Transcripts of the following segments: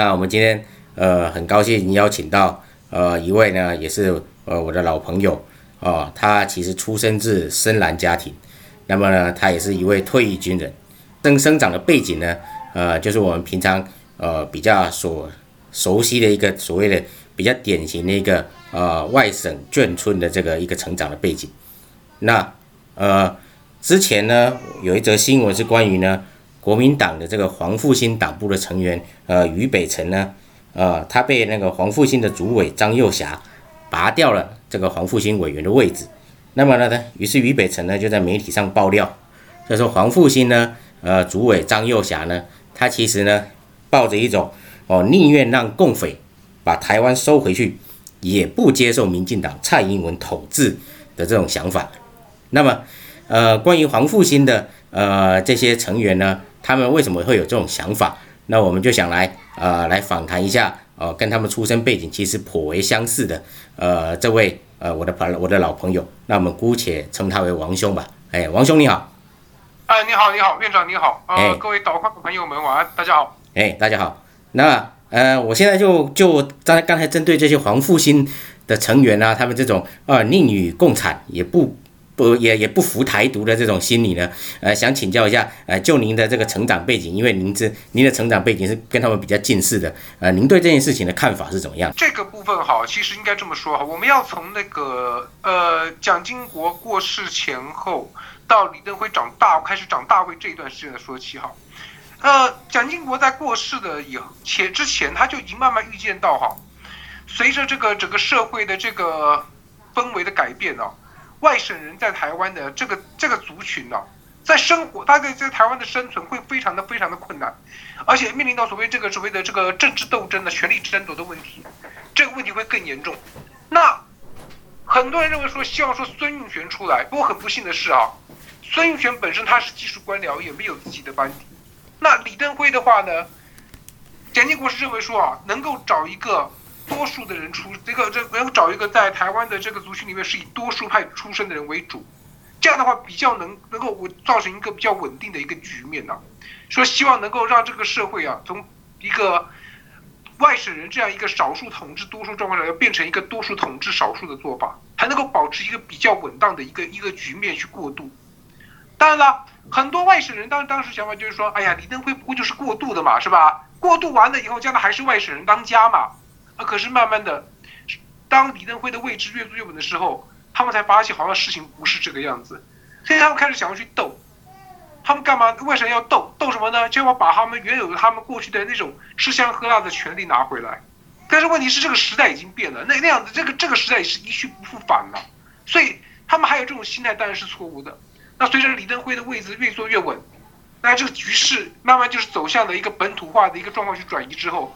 那我們今天，呃，很高興邀請到，呃，一位呢，也是，呃，我的老朋友，啊、呃，他其實出生自深藍家庭，那麼呢，他也是一位退役軍人，生生長的背景呢，呃，就是我們平常，呃，比較所熟悉的一個所謂的比較典型的一個，呃，外省眷村的這個一個成長的背景。那，呃，之前呢，有一則新聞是關於呢。國民黨的這個黃復興黨部的成員，呃，於北辰呢，呃，他被那個黃復興的主委張幼霞拔掉了這個黃復興委員的位置。那麼呢，他於是於北辰呢就在媒體上爆料，就說黃復興呢，呃，主委張幼霞呢，他其實呢抱着一種哦，呃、寧願讓共匪把台灣收回去，也不接受民進黨蔡英文統治的這種想法。那麼，呃，關於黃復興的呃這些成員呢？他們為什麼會有這種想法？那我們就想來，呃，來訪談一下，哦、呃，跟他們出身背景其實頗為相似的，呃，這位，呃，我的朋，我的老朋友，那我們姑且稱他為王兄吧。哎，王兄你好。哎、呃，你好，你好，院長你好。啊、呃，各位導看朋友們，晚安，大家好。哎，大家好。那，呃，我現在就就剛剛才針對這些黃復興的成員啊，他們這種，呃，寧與共產也不。呃，也也不服台獨的這種心理呢？呃，想請教一下，呃，就您的這個成長背景，因為您這您的成長背景是跟他們比較近似的。呃，您對這件事情的看法是怎麼樣？這個部分哈，其實應該這麼說哈，我們要從那個呃，蔣經國過世前後到李登輝長大開始長大，為這一段時間的說起哈。呃，蔣經國在過世的以前之前，他就已經慢慢預見到哈，隨着這個整個社會的這個氛圍的改變啊。外省人在台灣的這個這個族群呢、啊，在生活，他在在台灣的生存會非常的非常的困難，而且面臨到所謂這個所謂的這個政治鬥爭的權力爭奪的問題，這個問題會更嚴重。那很多人認為說希望說孫運璿出來，不過很不幸的是啊，孫運璿本身他是技術官僚，也沒有自己的班底。那李登輝的話呢，蔣經國是認為說啊，能夠找一個。多數的人出這個，這沒有找一個在台灣的這個族群裡面是以多數派出身的人為主，這樣的話比較能能夠我造成一個比較穩定的一個局面呢、啊，說希望能夠讓這個社會啊，從一個外省人這樣一個少數統治多數狀況上，要變成一個多數統治少數的做法，還能夠保持一個比較穩當的一個一個局面去過渡。當然了，很多外省人當當時想法就是說，哎呀，李登輝不過就是過渡的嘛，是吧？過渡完了以後，將來還是外省人當家嘛。可是慢慢的，當李登輝的位置越做越穩的時候，他們才發現好像事情不是這個樣子，所以他們開始想要去鬥，他們幹嘛？為什麼要鬥？鬥什麼呢？就要把他們原有的、他們過去的那種吃香喝辣的權利拿回來。但是問題是這個時代已經變了，那那樣子，這個這個時代也是一去不復返了。所以他們還有這種心態，當然是錯誤的。那隨着李登輝的位置越做越穩，那這個局勢慢慢就是走向了一個本土化的一個狀況去轉移之後。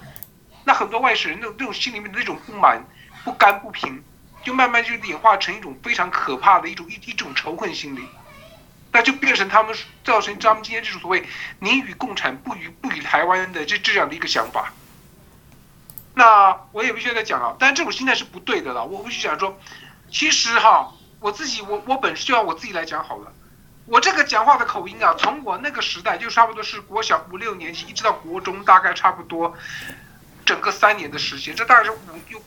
那很多外省人，那那種心裡面的那種不滿、不甘、不平，就慢慢就演化成一種非常可怕的一種一一種仇恨心理，那就變成他們造成他們今天這種所謂“寧與共產不與不與台灣”的這這樣的一個想法。那我也不需要再講了、啊，但是這種心態是不對的了。我會去講說，其實哈，我自己我我本身就要我自己來講好了。我這個講話的口音啊，從我那個時代就差不多是國小五六年級，一直到國中，大概差不多，整個三年的時間，這大概是五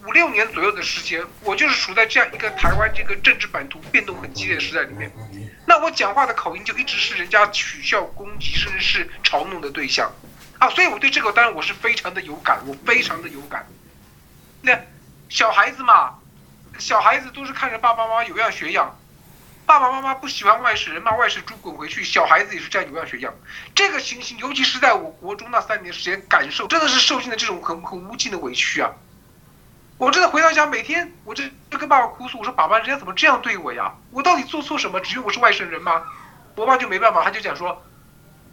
五六年左右的時間，我就是處在這樣一個台灣這個政治版圖變動很激烈的時代裡面。那我講話的口音就一直是人家取笑、攻擊甚至是嘲弄的對象啊，所以我對這個當然我是非常的有感，我非常的有感。那小孩子嘛，小孩子都是看着爸爸媽媽有樣學樣。爸爸媽媽不喜歡外省人嘛，罵外省豬滾回去！小孩子也是這樣，有樣學樣。這個情形，尤其是在我國中那三年時間，感受真的是受盡了這種很很無盡的委屈啊！我真的回到家，每天我這跟爸爸哭訴，我說爸爸，人家怎麼這樣對我呀？我到底做錯什麼？只有我是外省人嗎？我爸就沒辦法，他就講說，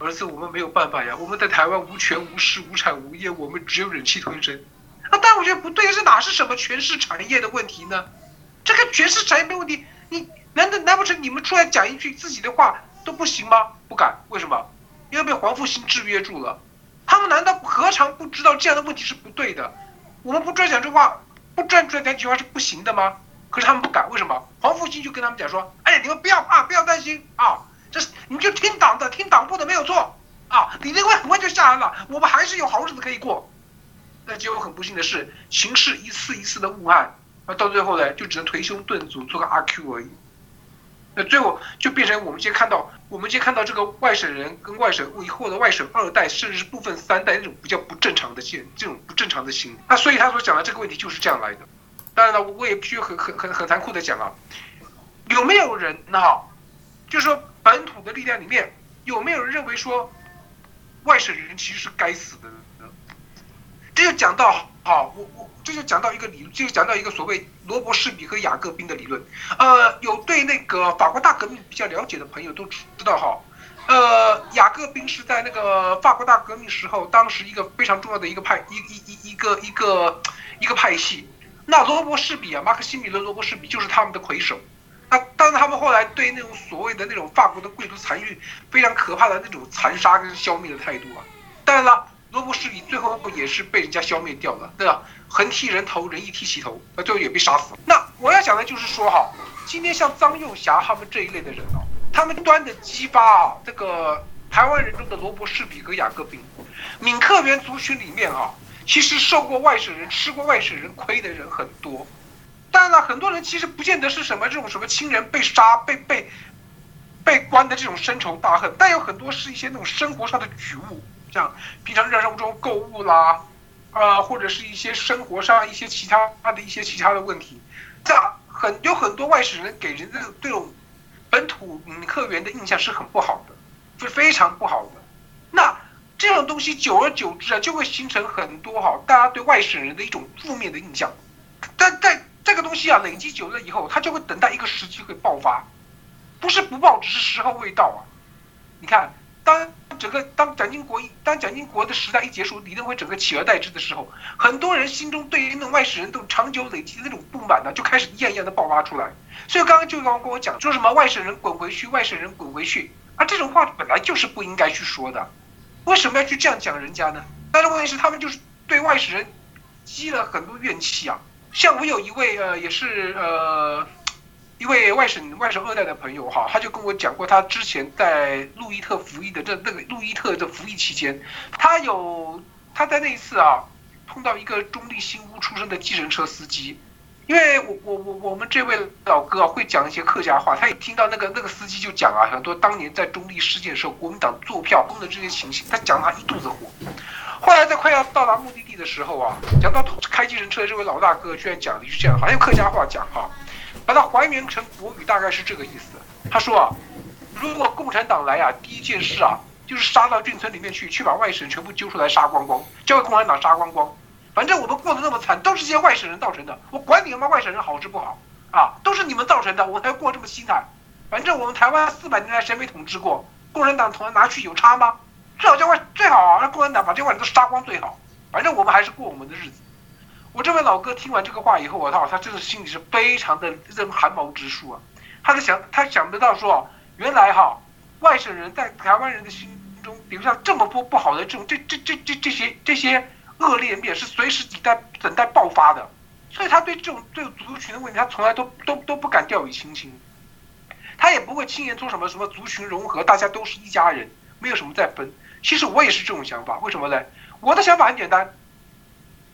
兒子，我們沒有辦法呀，我們在台灣無權無勢無產無業，我們只有忍氣吞聲。啊，但我覺得不對，這哪是什麼權勢產業的問題呢？這個權勢產業沒問題，你。難道難不成你們出來講一句自己的話都不行嗎？不敢，為什麼？因為被黃復興制約住了。他們難道何嘗不知道這樣的問題是不對的？我們不專講這話，不站出來講幾句話是不行的嗎？可是他們不敢，為什麼？黃復興就跟他們講說：“哎，你們不要怕，不要擔心啊，這是你們就聽黨的，聽黨部的沒有錯啊，李連貴很快就下來了，我們還是有好日子可以過。”那結果很不幸的是，形勢一次一次的誤判，那到最後呢，就只能捶胸頓足，做個阿 Q 而已。那最後就變成我們先看到，我們先看到這個外省人跟外省或者外省二代，甚至是部分三代那種比較不正常的現，這種不正常的心理。那所以他所講的這個問題就是這樣來的。當然了，我也必須很很很很殘酷的講啊，有沒有人啊，就是說本土的力量裡面有沒有人認為說，外省人其實是該死的呢？這就講到。好、啊，我我這就講到一個理論，就是講到一個所謂羅伯士比和雅各賓的理論，呃，有對那個法國大革命比較了解的朋友都知道哈，呃，雅各賓是在那個法國大革命時候，當時一個非常重要的一個派，一一一一，一，一個一個一個派系。那羅伯士比啊，馬克西米倫羅伯士比就是他們的魁首。那當他們後來對那種所謂的那種法國的貴族殘餘非常可怕的那種殘殺跟消滅的態度啊，當然了。羅伯士比最後不也是被人家消滅掉了，對吧？橫剃人頭，人一剃其頭，那最後也被殺死了。那我要講的就是說哈，今天像張永霞他們這一類的人啊，他們端的激發啊，這個台灣人中的羅伯士比和雅各賓，閩客原族群裡面啊，其實受過外省人吃過外省人虧的人很多，但呢，啊，很多人其實不見得是什麼這種什麼親人被殺被被被關的這種深仇大恨，但有很多是一些那種生活上的齟齬。像平常日常生活中購物啦，啊、呃，或者是一些生活上一些其他的一些其他的問題，這樣很有很多外省人給人的這種本土客源的印象是很不好的，是非常不好的。那這種東西久而久之啊，就會形成很多哈，大家對外省人的一種負面的印象。但在這個東西啊累積久了以後，它就會等待一個時機會爆發，不是不爆，只是時候未到啊。你看當。整個當蔣經國一當蔣經國的時代一結束，李登輝整個取而代之的時候，很多人心中對於那種外省人都長久累積的那種不滿呢，就開始一樣一樣的爆發出來。所以剛剛就有人跟我講，說什麼外省人滾回去，外省人滾回去啊，而這種話本來就是不應該去說的，為什麼要去這樣講人家呢？但是問題是他們就是對外省人積了很多怨氣啊。像我有一位呃，也是呃。一位外省外省二代的朋友哈、啊，他就跟我講過，他之前在陸一特服役的這那個陸一特的服役期間，他有他在那一次啊，碰到一個中壢新屋出生的計程車司機，因為我我我我們這位老哥會講一些客家話，他也聽到那個那個司機就講啊，很多當年在中壢事件的時候，國民黨做票崩的這些情形，他講了一肚子火。後來在快要到達目的地的時候啊，講到開計程車這位老大哥居然講了一句這樣，好像有客家話講哈。把它還原成國語大概是這個意思。他說啊，如果共產黨來啊，第一件事啊，就是殺到眷村裡面去，去把外省全部揪出來殺光光，交給共產黨殺光光。反正我們過得那麼慘，都是些外省人造成的，我管你們外省人好是不好啊，都是你們造成的，我才過這麼心態。反正我們台灣四百年來誰沒統治過？共產黨統治拿去有差嗎？最好叫外，最好讓、啊、共產黨把這外人都殺光最好。反正我們還是過我們的日子。我這位老哥聽完這個話以後，我操，他真的心裡是非常的，這寒毛直豎啊！他在想，他想不到說，原來哈、啊，外省人在台灣人的心中，比如像這麼多不好的這種，這這這這這些這些惡劣面是隨時等待等待爆發的，所以他對這種對族群的問題，他從來都都都不敢掉以輕心，他也不會輕言出什麼什麼族群融合，大家都是一家人，沒有什麼再分。其實我也是這種想法，為什麼呢？我的想法很簡單。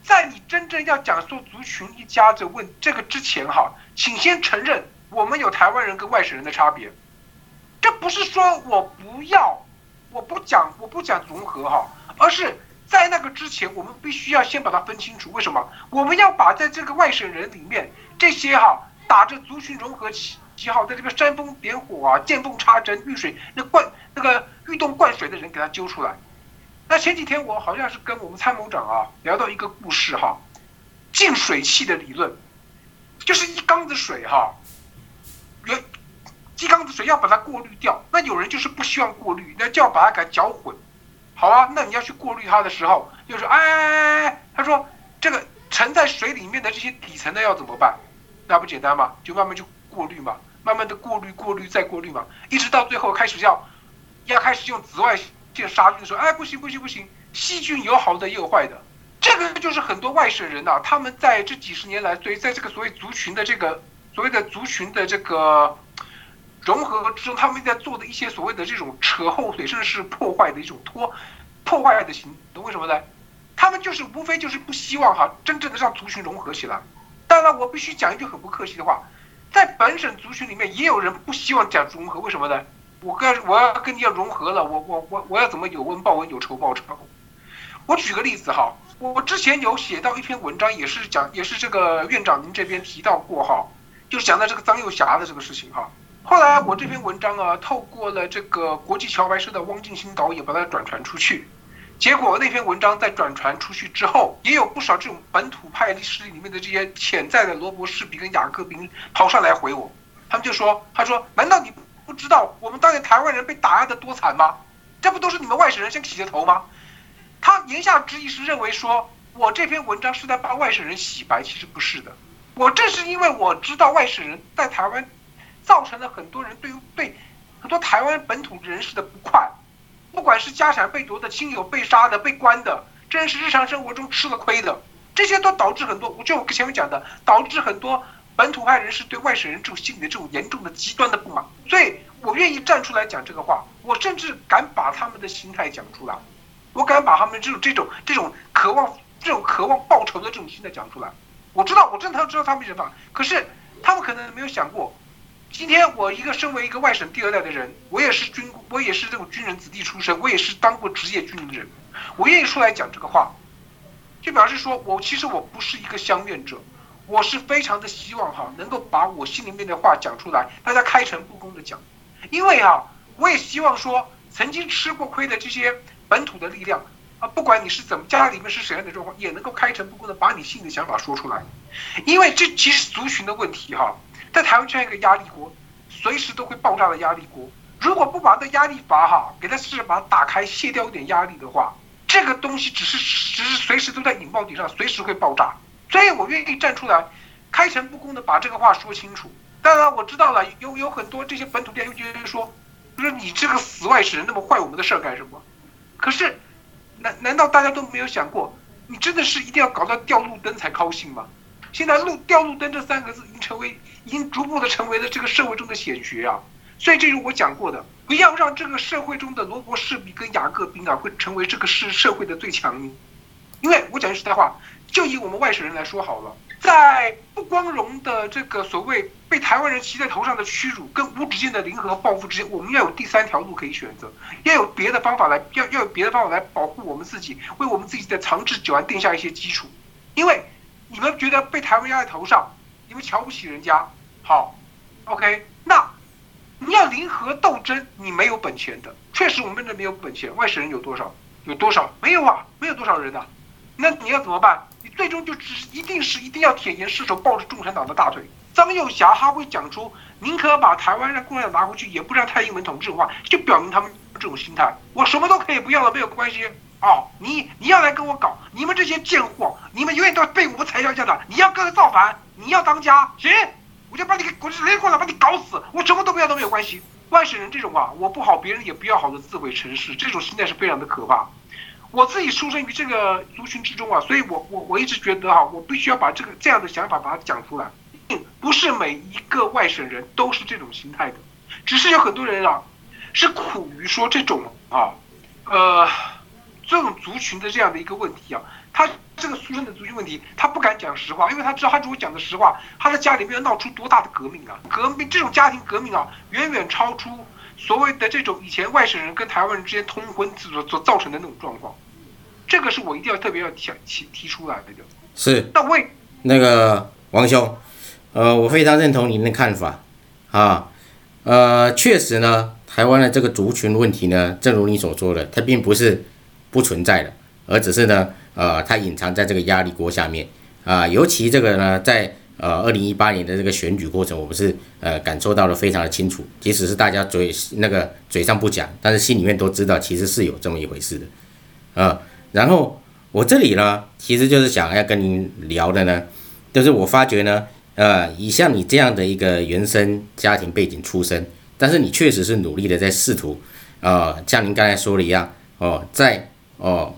在你真正要講述族群一家子問這個之前哈，請先承認我們有台灣人跟外省人的差別。這不是說我不要，我不講，我不講融合哈，而是在那個之前，我們必須要先把它分清楚。為什麼？我們要把在這個外省人裡面這些哈打着族群融合旗旗號的這個煽風點火啊、見縫插針、遇水那灌那個遇洞灌水的人，給他揪出來。那前幾天我好像是跟我們參謀長啊聊到一個故事哈、啊，淨水器的理論，就是一缸子水哈、啊，原一缸子水要把它過濾掉，那有人就是不希望過濾，那就要把它給攪混，好啊，那你要去過濾它的時候，就說、是、哎哎哎他說這個沉在水裡面的這些底層的要怎麼辦？那不簡單嗎？就慢慢去過濾嘛，慢慢的過濾、過濾再過濾嘛，一直到最後開始要要開始用紫外殺菌的時候，哎，不行不行不行，細菌有好的也有壞的，這個就是很多外省人吶、啊，他們在這幾十年來，所以在這個所謂族群的這個所謂的族群的這個融合之中，他們在做的一些所謂的這種扯後腿，甚至是破壞的一種拖破壞愛的行動，為什麼呢？他們就是無非就是不希望哈、啊、真正的讓族群融合起來。當然，我必須講一句很不客氣的話，在本省族群裡面也有人不希望講融合，為什麼呢？我跟我要跟你要融合了，我我我我要怎麼有恩報恩，有仇報仇？我舉個例子哈，我我之前有寫到一篇文章，也是講，也是這個院長您這邊提到過哈，就是講到這個張幼霞的這個事情哈。後來我這篇文章啊，透過了這個國際橋牌社的汪靜心導演把它轉傳出去，結果那篇文章在轉傳出去之後，也有不少這種本土派歷史裡面的這些潛在的羅伯斯比跟雅各賓跑上來回我，他們就說，他說難道你不知道我們當年台灣人被打壓得多慘嗎？這不都是你們外省人先起的頭嗎？他言下之意是認為說，我這篇文章是在幫外省人洗白，其實不是的。我正是因為我知道外省人在台灣造成了很多人對對很多台灣本土人士的不快，不管是家產被奪的、親友被殺的、被關的，真是日常生活中吃了虧的，這些都導致很多。就我前面講的，導致很多。本土派人士對外省人這種心理的這種嚴重的極端的不滿，所以我願意站出來講這個話，我甚至敢把他們的心態講出來，我敢把他們這種這種這種渴望、這種渴望報仇的這種心態講出來。我知道，我真的知道他們是什麼，可是他們可能沒有想過，今天我一個身為一個外省第二代的人，我也是軍，我也是這種軍人子弟出身，我也是當過職業軍人的人，我願意出來講這個話，就表示說我其實我不是一個鄉愿者。我是非常的希望哈，能夠把我心裡面的話講出來，大家開誠布公的講，因為哈、啊，我也希望說，曾經吃過虧的這些本土的力量，啊，不管你是怎麼，家裡面是怎樣的狀況，也能夠開誠布公的把你心裡的想法說出來，因為這其實族群的問題哈，在台灣這樣一個壓力鍋，隨時都會爆炸的壓力鍋，如果不把這壓力閥哈，給他試着把它打開，卸掉一點壓力的話，這個東西只是只是隨時都在引爆點上，隨時會爆炸。所以我願意站出來，開誠布公的把這個話說清楚。當然，我知道了，有有很多這些本土店又覺得說，就是你這個死外省人，那麼壞我們的事兒幹什麼？可是，難難道大家都沒有想過，你真的是一定要搞到吊路燈才高興嗎？現在“路吊路燈”這三個字已經成為，已經逐步的成為了這個社會中的顯學啊。所以，這是我講過的，不要讓這個社會中的羅伯斯比跟雅各賓啊，會成為這個是社會的最強音。因為我講句實在話。就以我們外省人來說好了，在不光榮的這個所謂被台灣人騎在頭上的屈辱，跟無止境的零和報復之間，我們要有第三條路可以選擇，要有別的方法來要要有別的方法來保護我們自己，為我們自己的長治久安定下一些基礎。因為你們覺得被台灣壓在頭上，你們瞧不起人家，好，OK，那你要零和鬥爭，你沒有本錢的。確實，我們沒有本錢。外省人有多少？有多少？沒有啊，沒有多少人吶、啊。那你要怎麼辦？你最終就只是一定是一定要舔顏失手抱着共產黨的大腿。張幼俠他會講出寧可把台灣讓共產黨拿回去，也不讓蔡英文統治的話，就表明他們這種心態。我什麼都可以不要了，沒有關係哦，你你要來跟我搞，你們這些賤貨，你們永遠都是被我們踩下的。你要跟着造反，你要當家，行，我就把你給滾雷、滾滾，把你搞死。我什麼都不要都沒有關係。外省人這種啊，我不好，別人也不要好的自毀城市，這種心態是非常的可怕。我自己出生於這個族群之中啊，所以我我我一直覺得啊，我必須要把這個這樣的想法把它講出來。並不是每一個外省人都是這種心態的，只是有很多人啊，是苦於說這種啊，呃，這種族群的這樣的一個問題啊，他這個出生的族群問題，他不敢講實話，因為他知道他如果講的實話，他的家裡面要鬧出多大的革命啊，革命這種家庭革命啊，遠遠超出。所謂的這種以前外省人跟台灣人之間通婚所所造成的那種狀況，這個是我一定要特別要想提提出來的，是到位。那個王兄，呃，我非常認同您的看法啊，呃，確實呢，台灣的這個族群問題呢，正如你所說的，它並不是不存在的，而只是呢，呃，它隱藏在這個壓力鍋下面啊，尤其這個呢，在。呃，二零一八年的這個選舉過程，我們是呃感受到了非常的清楚。即使是大家嘴那個嘴上不講，但是心裡面都知道，其實是有這麼一回事的啊、呃。然後我這裡呢，其實就是想要跟您聊的呢，就是我發覺呢，呃，以像你這樣的一個原生家庭背景出身，但是你確實是努力的在試圖，啊、呃，像您剛才說的一樣，哦、呃，在哦、呃、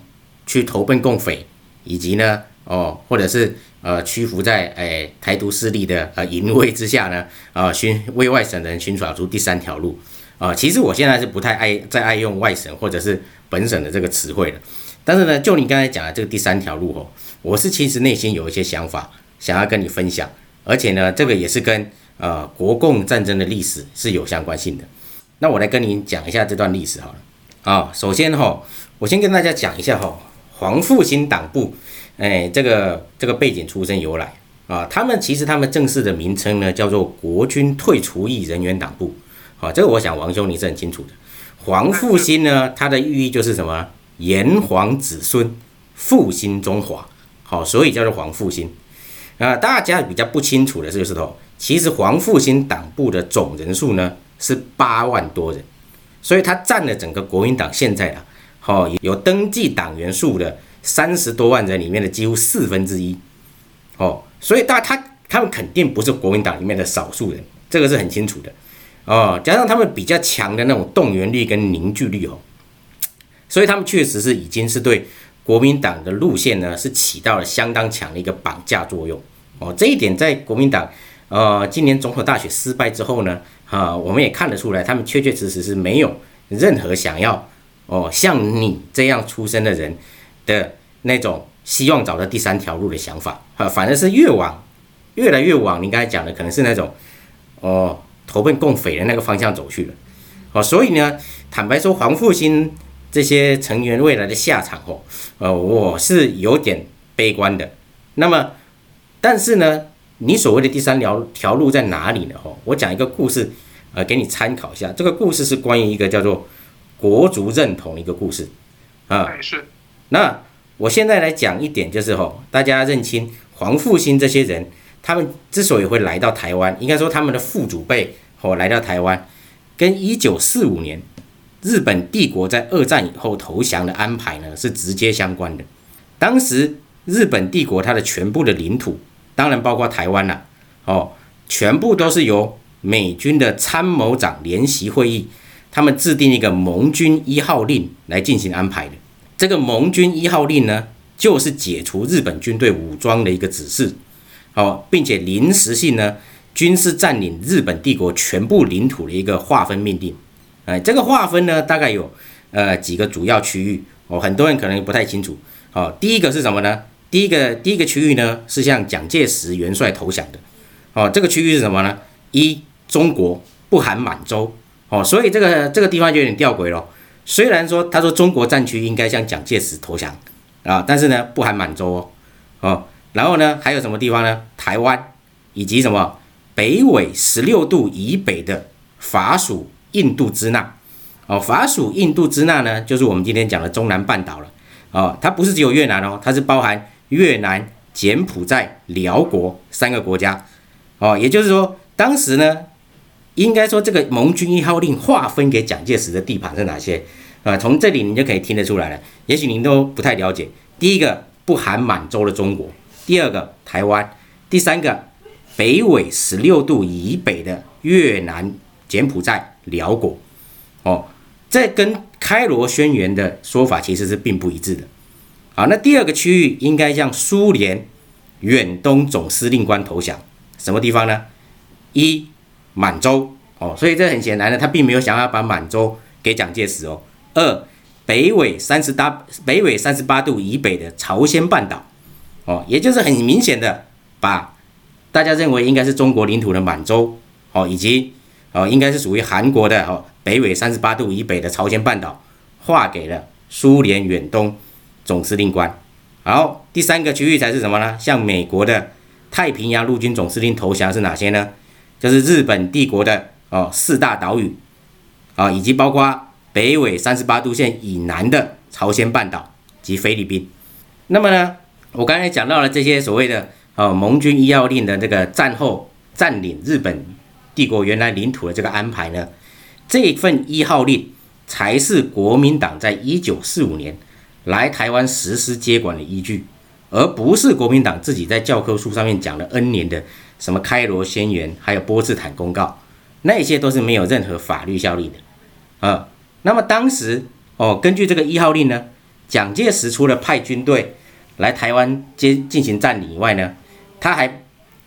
去投奔共匪，以及呢，哦、呃，或者是。呃，屈服在誒、呃、台獨勢力的呃淫威之下呢，啊、呃、尋為外省人尋找出第三條路，啊、呃，其實我現在是不太愛再愛用外省或者是本省的這個詞彙了，但是呢，就你剛才講的這個第三條路吼，我是其實內心有一些想法想要跟你分享，而且呢，這個也是跟呃國共戰爭的歷史是有相關性的，那我來跟您講一下這段歷史好了，啊，首先哈，我先跟大家講一下哈，黃復興黨部。哎，這個這個背景出身由來啊，他們其實他們正式的名稱呢叫做國軍退除役人員黨部，好、啊，這個我想王兄你是很清楚的。黃復興呢，它的寓意就是什麼？炎黃子孫，復興中華，好、啊，所以叫做黃復興。啊，大家比較不清楚的這個事其實黃復興黨部的總人數呢是八萬多人，所以它佔了整個國民黨現在啊，好、啊、有登記黨員數的。三十多萬人裡面的幾乎四分之一，哦，所以大他他們肯定不是國民黨裡面的少數人，這個是很清楚的，哦，加上他們比較強的那種動員力跟凝聚力哦，所以他們確實是已經是對國民黨的路線呢是起到了相當強的一個綁架作用哦，這一點在國民黨呃今年總統大選失敗之後呢，啊、哦，我們也看得出來，他們確確實實是沒有任何想要哦像你這樣出身的人的那種希望找到第三條路的想法哈，反正是越往越來越往你剛才講的，可能是那種哦投奔共匪的那個方向走去了，哦，所以呢，坦白說，黃復興這些成員未來的下場哦，呃、哦，我是有點悲觀的。那麼，但是呢，你所謂的第三條條路在哪裡呢？哦，我講一個故事，呃，給你參考一下。這個故事是關於一個叫做國族認同一個故事啊、呃。是。那我現在來講一點，就是吼、哦，大家認清黃復興這些人，他們之所以會來到台灣，應該說他們的父祖輩吼、哦、來到台灣，跟一九四五年日本帝國在二戰以後投降的安排呢是直接相關的。當時日本帝國它的全部的領土，當然包括台灣了、啊，哦，全部都是由美軍的參謀長聯席會議他們制定一個盟軍一號令來進行安排的。這個盟軍一號令呢，就是解除日本軍隊武裝的一個指示，好、哦，並且臨時性呢，軍事占領日本帝國全部領土的一個劃分命令，哎，這個劃分呢，大概有呃幾個主要區域，哦，很多人可能不太清楚，哦，第一個是什麼呢？第一個第一個區域呢，是向蔣介石元帥投降的，哦，這個區域是什麼呢？一，中國，不含滿洲，哦，所以這個這個地方就有點吊詭了。雖然說他說中國戰區應該向蔣介石投降，啊，但是呢，不含滿洲哦，哦，然後呢，還有什麼地方呢？台灣以及什麼北緯十六度以北的法屬印度支那，哦，法屬印度支那呢，就是我們今天講的中南半島了，哦，它不是只有越南哦，它是包含越南、柬埔寨、寮國三個國家，哦，也就是說，當時呢。應該說，這個盟軍一號令劃分給蔣介石的地盤是哪些啊、呃？從這裡您就可以聽得出來了。也許您都不太了解。第一個不含滿洲的中國，第二個台灣，第三個北緯十六度以北的越南、柬埔寨、寮國。哦，這跟開羅宣言的說法其實是並不一致的。好，那第二個區域應該向蘇聯遠東總司令官投降，什麼地方呢？一。滿洲哦，所以這很顯然的，他並沒有想要把滿洲給蔣介石哦。二，北緯三十八北緯三十八度以北的朝鮮半島哦，也就是很明顯的把大家認為應該是中國領土的滿洲哦，以及哦應該是屬於韓國的哦北緯三十八度以北的朝鮮半島劃給了蘇聯遠東總司令官。然後第三個區域才是什麼呢？向美國的太平洋陸軍總司令投降是哪些呢？就是日本帝國的哦四大島嶼，啊以及包括北緯三十八度線以南的朝鮮半島及菲律賓。那麼呢，我剛才講到了這些所謂的哦盟軍一號令的這個戰後占領日本帝國原來領土的這個安排呢，這份一號令才是國民黨在一九四五年來台灣實施接管的依據，而不是國民黨自己在教科書上面講了 N 年的。什麼開羅宣言，還有波茨坦公告，那些都是沒有任何法律效力的，啊、嗯，那麼當時哦，根據這個一號令呢，蔣介石除了派軍隊來台灣進進行占領以外呢，他還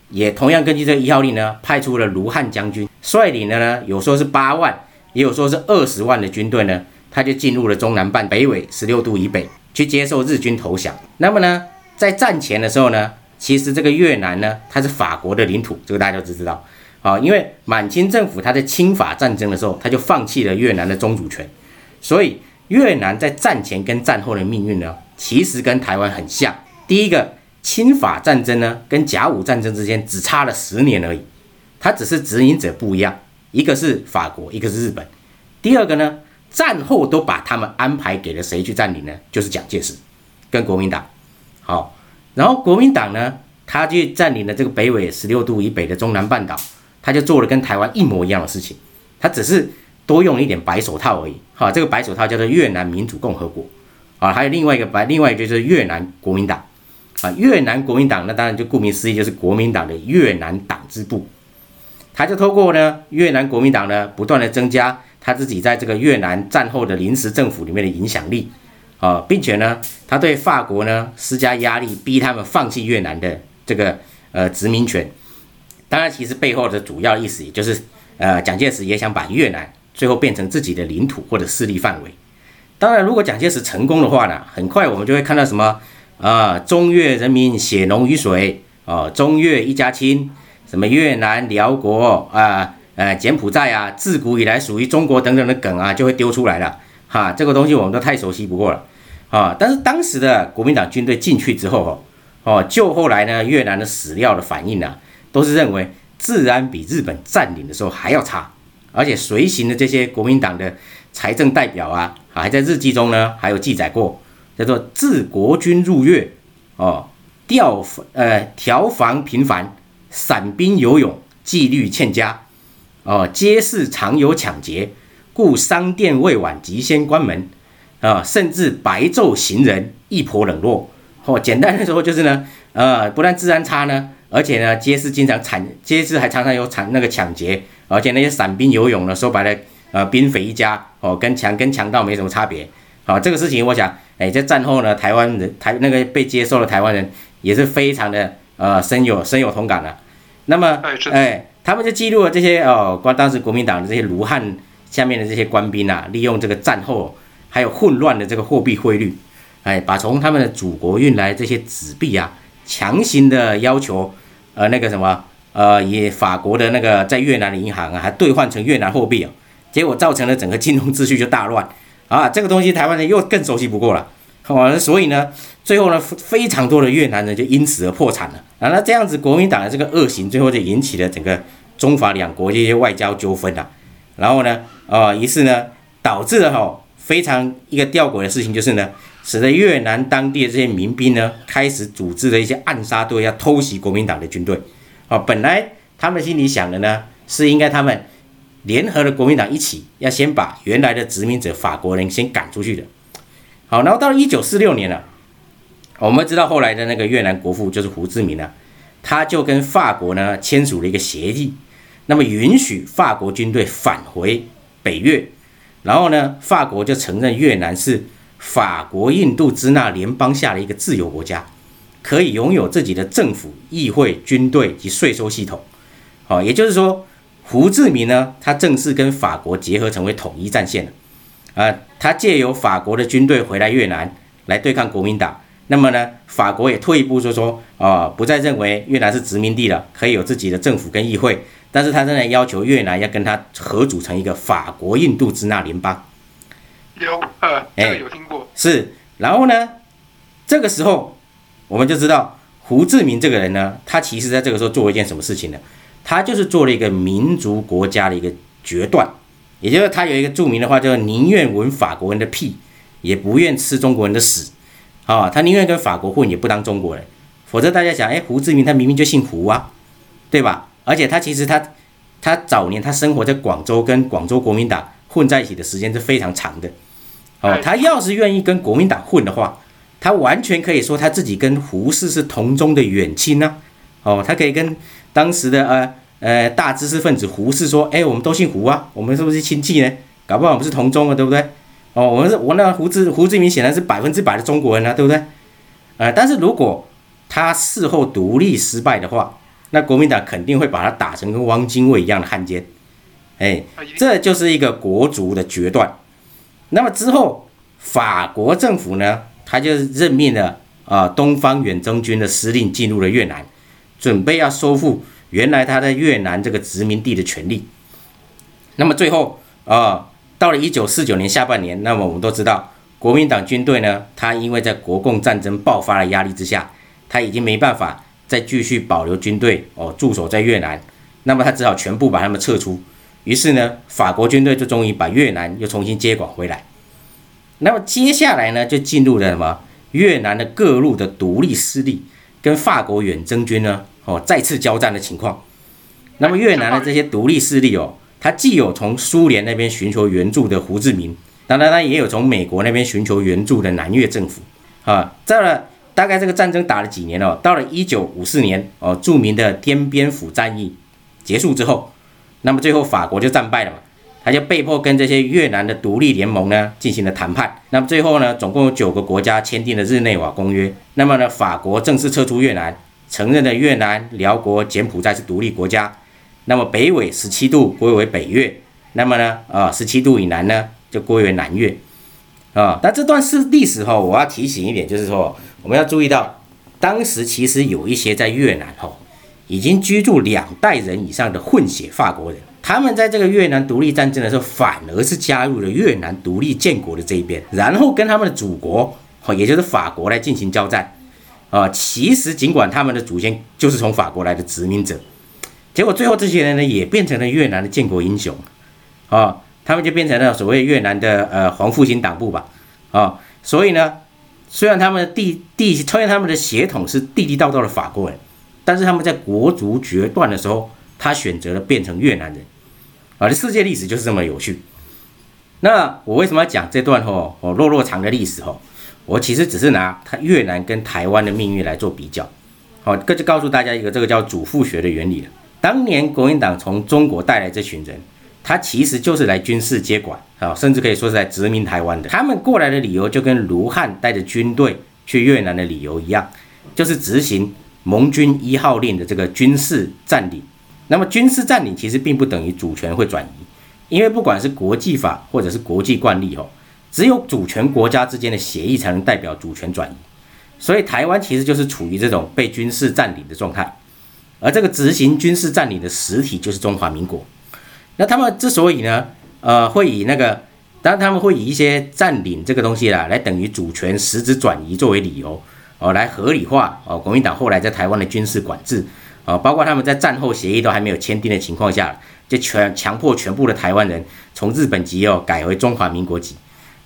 也同樣根據這個一號令呢，派出了盧漢將軍率領的呢，有說是八萬，也有說是二十萬的軍隊呢，他就進入了中南半北緯十六度以北去接受日軍投降。那麼呢，在戰前的時候呢？其實這個越南呢，它是法國的領土，這個大家都知道，啊、哦，因為滿清政府它在清法戰爭的時候，它就放棄了越南的宗主權，所以越南在戰前跟戰後的命運呢，其實跟台灣很像。第一個，清法戰爭呢，跟甲午戰爭之間只差了十年而已，它只是殖民者不一樣，一個是法國，一個是日本。第二個呢，戰後都把他們安排給了誰去占領呢？就是蔣介石跟國民黨，好、哦。然後國民黨呢，他就佔領了這個北緯十六度以北的中南半島，他就做了跟台灣一模一樣的事情，他只是多用了一點白手套而已。啊，這個白手套叫做越南民主共和國，啊，還有另外一個白，另外一個就是越南國民黨，啊，越南國民黨那當然就顧名思義就是國民黨的越南黨支部，他就透過呢，越南國民黨呢，不斷的增加他自己在這個越南戰後的臨時政府裡面的影響力。啊、哦，並且呢，他對法國呢施加壓力，逼他們放棄越南的這個呃殖民權。當然，其實背後的主要意思，也就是呃，蔣介石也想把越南最後變成自己的領土或者勢力範圍。當然，如果蔣介石成功的話呢，很快我們就會看到什麼啊、呃，中越人民血濃於水啊、呃，中越一家親，什麼越南寮國啊、呃呃，柬埔寨啊，自古以來屬於中國等等的梗啊，就會丟出來了。哈，這個東西我們都太熟悉不過了，啊！但是當時的國民黨軍隊進去之後，哈，哦，就後來呢，越南的史料的反映呢、啊，都是認為治安比日本占領的時候還要差，而且隨行的這些國民黨的財政代表啊，啊還在日記中呢，還有記載過，叫做“自國軍入越，哦、啊，調呃調防頻繁，散兵游勇，紀律欠佳，哦、啊，街市常有搶劫。”故商店，未晚即先關門，啊，甚至白晝行人亦頗冷落。哦，簡單來說就是呢，呃，不但治安差呢，而且呢，街市經常產，街市還常常有產那個搶劫，而且那些散兵游勇呢，說白了，呃，兵匪一家，哦，跟強跟強盜沒什麼差別。好、哦，這個事情，我想、欸，在戰後呢，台灣人台那個被接收的台灣人也是非常的呃深有深有同感的、啊。那麼、欸，他們就記錄了這些哦，光當時國民黨的這些盧漢。下面的這些官兵啊，利用這個戰後還有混亂的這個貨幣匯率，哎，把從他們的祖國運來這些紙幣啊，強行的要求，呃，那個什麼，呃，以法國的那個在越南的銀行啊，還兌換成越南貨幣啊，結果造成了整個金融秩序就大亂啊。這個東西台灣人又更熟悉不過了，好，啊，所以呢，最後呢，非常多的越南人就因此而破產了啊。那這樣子，國民黨的這個惡行，最後就引起了整個中法兩國這些外交糾紛啊。然後呢，啊、哦，於是呢，導致了哈、哦、非常一個弔詭的事情，就是呢，使得越南當地的這些民兵呢，開始組織了一些暗殺隊，要偷襲國民黨的軍隊。啊、哦，本來他們心裡想的呢，是應該他們聯合的國民黨一起，要先把原來的殖民者法國人先趕出去的。好、哦，然後到了一九四六年了、啊，我們知道後來的那個越南國父就是胡志明啊，他就跟法國呢簽署了一個協議。那麼允許法國軍隊返回北越，然後呢，法國就承認越南是法國印度支那聯邦下的一個自由國家，可以擁有自己的政府、議會、軍隊及稅收系統。哦，也就是說，胡志明呢，他正式跟法國結合，成為統一戰線了。啊，他借由法國的軍隊回來越南，來對抗國民黨。那麼呢，法國也退一步就說啊、呃，不再認為越南是殖民地了，可以有自己的政府跟議會，但是他仍然要求越南要跟他合組成一個法國印度支那聯邦。有啊，欸、這個、有聽過。是，然後呢，這個時候我們就知道胡志明這個人呢，他其實在這個時候做了一件什麼事情呢？他就是做了一個民族國家的一個決斷，也就是他有一個著名的話，叫、就是、寧願聞法國人的屁，也不願吃中國人的屎。啊、哦，他寧願跟法國混也不當中國人，否則大家想，哎，胡志明他明明就姓胡啊，對吧？而且他其實他，他早年他生活在廣州，跟廣州國民黨混在一起的時間是非常長的。哦，他要是願意跟國民黨混的話，他完全可以說他自己跟胡適是同宗的遠親呢、啊。哦，他可以跟當時的呃呃大知識分子胡適說，哎，我們都姓胡啊，我們是不是親戚呢？搞不好我們是同宗的，對不對？哦，我是我那胡志胡志明顯然是百分之百的中國人啊，對不對？呃，但是如果他事後獨立失敗的話，那國民黨肯定會把他打成跟汪精衛一樣的漢奸，哎，這就是一個國族的決斷。那麼之後，法國政府呢，他就任命了啊、呃、東方遠征軍的司令進入了越南，準備要收復原來他在越南這個殖民地的權利。那麼最後啊，呃到了一九四九年下半年，那麼我們都知道，國民黨軍隊呢，他因為在國共戰爭爆發的壓力之下，他已經沒辦法再繼續保留軍隊哦駐守在越南，那麼他只好全部把他們撤出。於是呢，法國軍隊就終於把越南又重新接管回來。那麼接下來呢，就進入了什麼？越南的各路的獨立勢力跟法國遠征軍呢，哦再次交戰的情況。那麼越南的這些獨立勢力哦。他既有從蘇聯那邊尋求援助的胡志明，當然他也有從美國那邊尋求援助的南越政府。啊，這了大概這個戰爭打了幾年哦，到了一九五四年，哦，著名的奠邊府戰役結束之後，那麼最後法國就戰敗了嘛，他就被迫跟這些越南的獨立聯盟呢進行了談判。那麼最後呢，總共有九個國家簽訂了日內瓦公約。那麼呢，法國正式撤出越南，承認了越南、寮國、柬埔寨是獨立國家。那麼北緯十七度歸為北越，那麼呢啊十七度以南呢就歸為南越，啊、哦，但這段是歷史哈、哦，我要提醒一點，就是說我們要注意到，當時其實有一些在越南哈、哦、已經居住兩代人以上的混血法國人，他們在這個越南獨立戰爭的時候，反而是加入了越南獨立建國的這一邊，然後跟他們的祖國哈、哦、也就是法國來進行交戰，啊、哦，其實盡管他們的祖先就是從法國來的殖民者。結果最後這些人呢，也變成了越南的建國英雄，啊、哦，他們就變成了所謂越南的呃黃復興黨部吧，啊、哦，所以呢，雖然他們的地弟，雖然他們的血統是地地道道的法國人，但是他們在國族決斷的時候，他選擇了變成越南人，啊，這世界歷史就是這麼有趣。那我為什麼要講這段哈哦落落長的歷史哦，我其實只是拿他越南跟台灣的命運來做比較，好、哦，這就告訴大家一個這個叫主婦學的原理了。當年國民黨從中國帶來這群人，他其實就是來軍事接管啊，甚至可以說是在殖民台灣的。他們過來的理由就跟盧漢帶着軍隊去越南的理由一樣，就是執行盟軍一號令的這個軍事佔領。那麼軍事佔領其實並不等於主權會轉移，因為不管是國際法或者是國際慣例哦，只有主權國家之間的協議才能代表主權轉移。所以台灣其實就是處於這種被軍事佔領的狀態。而這個執行軍事占領的實體就是中華民國。那他們之所以呢，呃，會以那個，當然他們會以一些占領這個東西啦，來等於主權實質轉移作為理由，哦，來合理化哦，國民黨後來在台灣的軍事管制，哦，包括他們在戰後協議都還沒有簽訂的情況下，就全強迫全部的台灣人從日本籍哦改為中華民國籍。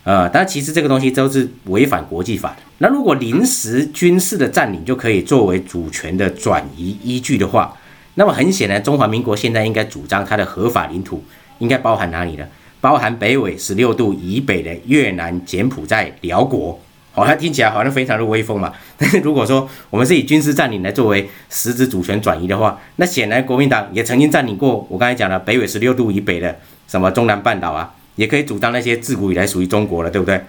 呃，但其實這個東西都是違反國際法的。那如果臨時軍事的占領就可以作為主權的轉移依據的話，那麼很顯然，中華民國現在應該主張它的合法領土應該包含哪裡呢？包含北緯十六度以北的越南、柬埔寨、寮國。好像聽起來好像非常的威風嘛。但是如果說我們是以軍事占領來作為實質主權轉移的話，那顯然國民黨也曾經占領過我剛才講的北緯十六度以北的什麼中南半島啊。也可以主張那些自古以來屬於中國了，對不對？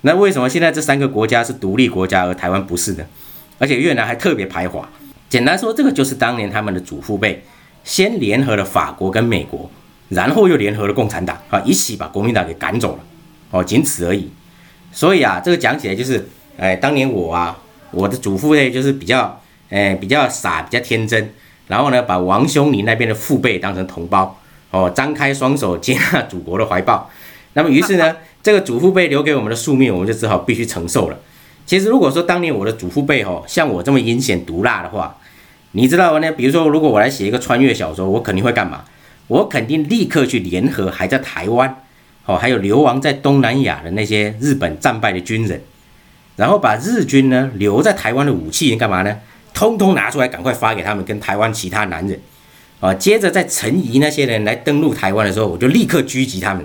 那為什麼現在這三個國家是獨立國家，而台灣不是呢？而且越南還特別排華。簡單說，這個就是當年他們的祖父輩先聯合了法國跟美國，然後又聯合了共產黨，啊，一起把國民黨給趕走了。哦，僅此而已。所以啊，這個講起來就是，誒、哎，當年我啊，我的祖父輩就是比較，誒、哎，比較傻，比較天真，然後呢，把王兄你那邊的父輩當成同胞，哦，張開雙手接納祖國的懷抱。那麼於是呢，這個祖父輩留給我們的宿命，我們就只好必須承受了。其實如果說當年我的祖父輩吼、哦、像我這麼陰險毒辣的話，你知道呢？比如說，如果我來寫一個穿越小說，我肯定會幹嘛？我肯定立刻去聯合還在台灣，哦，還有流亡在東南亞的那些日本戰敗的軍人，然後把日軍呢留在台灣的武器幹嘛呢？通通拿出來，趕快發給他們跟台灣其他男人，啊、哦，接着在陳儀那些人來登陸台灣的時候，我就立刻狙擊他們。